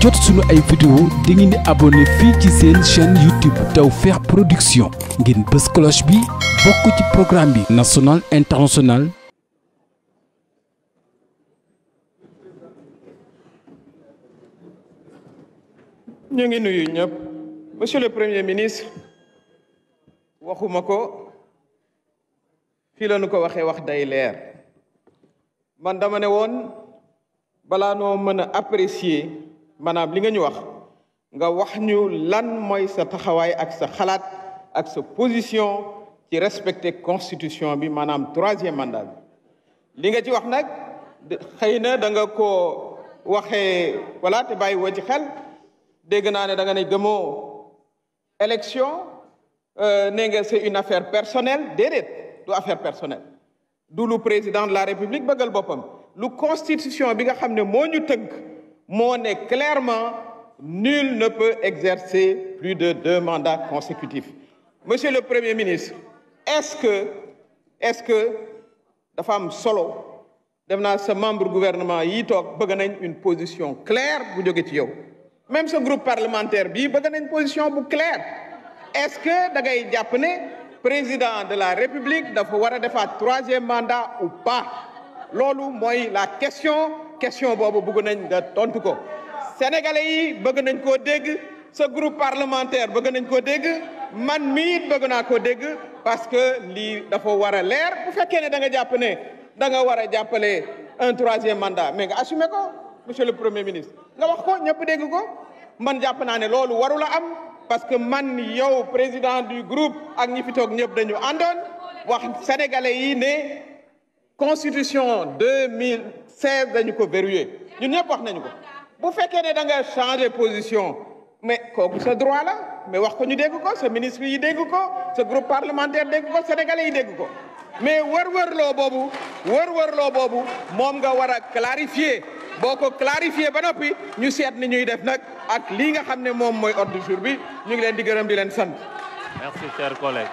jot suñu ay vidéo da ngeen di abonné fii ci seen chaîne YouTube Tawfekh Production ngeen bës cloche bi bokk ci programme bi national international ñu ngi nuyu ñëpp monsieur le premier ministre waxuma ko fii la ko waxee wax day leer man dama ne woon balaa noo mën a apprécier maanaam li nga ñu wax nga wax ñu lan mooy sa taxawaay ak sa xalaat ak sa position ci respecter constitution bi maanaam troisième mandat bi li nga ci wax nag xëy na da nga koo waxee voilà te bàyyi woo ci xel dégg naa ne da nga ne gëmoo élection euh, ne nga c'est une affaire personnelle déedéet du affaire personnelle du lu président de la république bëggal boppam lu constitution bi nga xam ne moo ñu tënk moo ne clairement nul ne peut exercer plus de deux mandats consécutifs monsieur le premier ministre est-ce que est-ce que dafa am solo def naa sa membre gouvernement yi toog bëgg nañ une position claire bu jóge ci yow même sa groupe parlementaire bii bëgg nañ position bu claire est-ce que da ngay jàpp ne président de la république dafa war a defaat troisième mandat ou pas loolu mooy la question question boobu bëgg nañ nga tontu ko sénégalais yi bëgg nañ koo dégg sa groupe parlementaire bëgg nañ koo dégg man mii it bëgg naa ko dégg parce que lii dafa war a leer bu fekkee ne da nga jàpp ne da nga war a jàppale un troisième mandat mais nga assumé ko monsieur le premier ministre nga wax ko ñëpp dégg ko man jàpp naa ne loolu warula am parce que man yow président du groupe ak ñi fi toog ñëpp dañu àndoon wax sénégalais yi ne constitution deux mille seize dañu ko verrouillé ñun ñëpp wax nañu ko bu fekkee ne da nga changer position mais kooku sa droit la mais wax ko ñu dégg ko sa ministre yi dégg ko sa groupe parlementaire dégg ko sénégalais yi dégg ko mais wër-wërloo boobu wër-wërloo boobu moom nga war a clarifier boo ko clarifier ba noppi ñu seet ni ñuy def nag ak lii nga xam ne moom mooy ordre jour bi ñu ngi leen di gërëm di leen sant. merci cher collègue.